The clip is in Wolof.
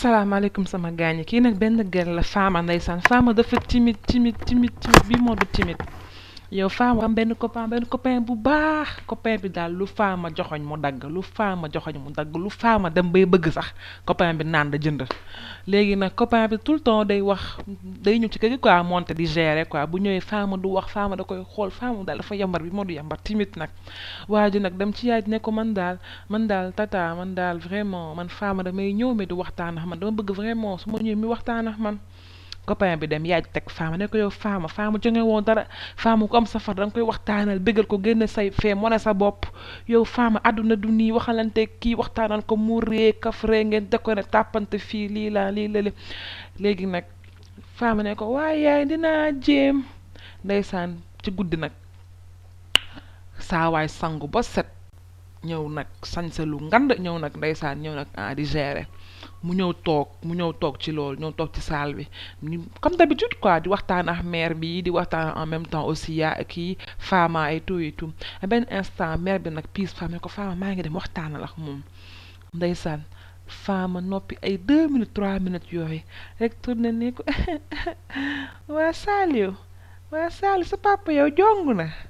asalaamaaleykum sama gaañi kii nag benn gel la faama ndeysaan faama dafa timide timide timide timide bi moo du timide yow faama am benn copain benn bu baax copain bi daal lu faama joxoñ mu dagg lu faama joxoñ mu dagg lu faama dem bay bëgg sax copain bi naan da jënd léegi nag copain bi tout le temps day wax day ñëw ci kër gi quoi monté di gérer quoi bu ñëwee faama du wax faama da koy xool faama daal dafa yambar bi ma du yambar timit nag waa ji nag dem ci yaay ne ko man daal man daal tata man daal vraiment man faama damay ñëw mi du waxtaan ak man dama bëgg vraiment su ma ñëw mi waxtaan ak copain bi dem yaay teg faama ne ko yow faama faama jonge woon dara faama ko am sa far koy waxtaanal bëggal ko génne say fee mone sa bopp yow faama àdduna du nii waxalante kii waxtaanal ko mu ree kaf ree ngeen da ko ne tàppante fii lii laa lii lale léegi nag faama ne ko waaye yaay dinaa jéem ndeysaan ci guddi nag saawaay sangu ba set ñëw nag sañse lu ngand ñëw nag ndeysaan ñëw nag ah mu ñëw toog mu ñëw toog ci loolu ñëw toog ci saal bi comme d'habitude quoi di waxtaan ak maire bi di waxtaan en même temps aussi yaa kii Fama et tout et tout benn instant maire bi nag piis Fama ko Fama maa ngi dem waxtaanal ak moom ndeysaan Fama noppi ay deux minutes trois minutes yooyu rek tourné ne ko waa Saliou waa Saliou sa papa yow jong na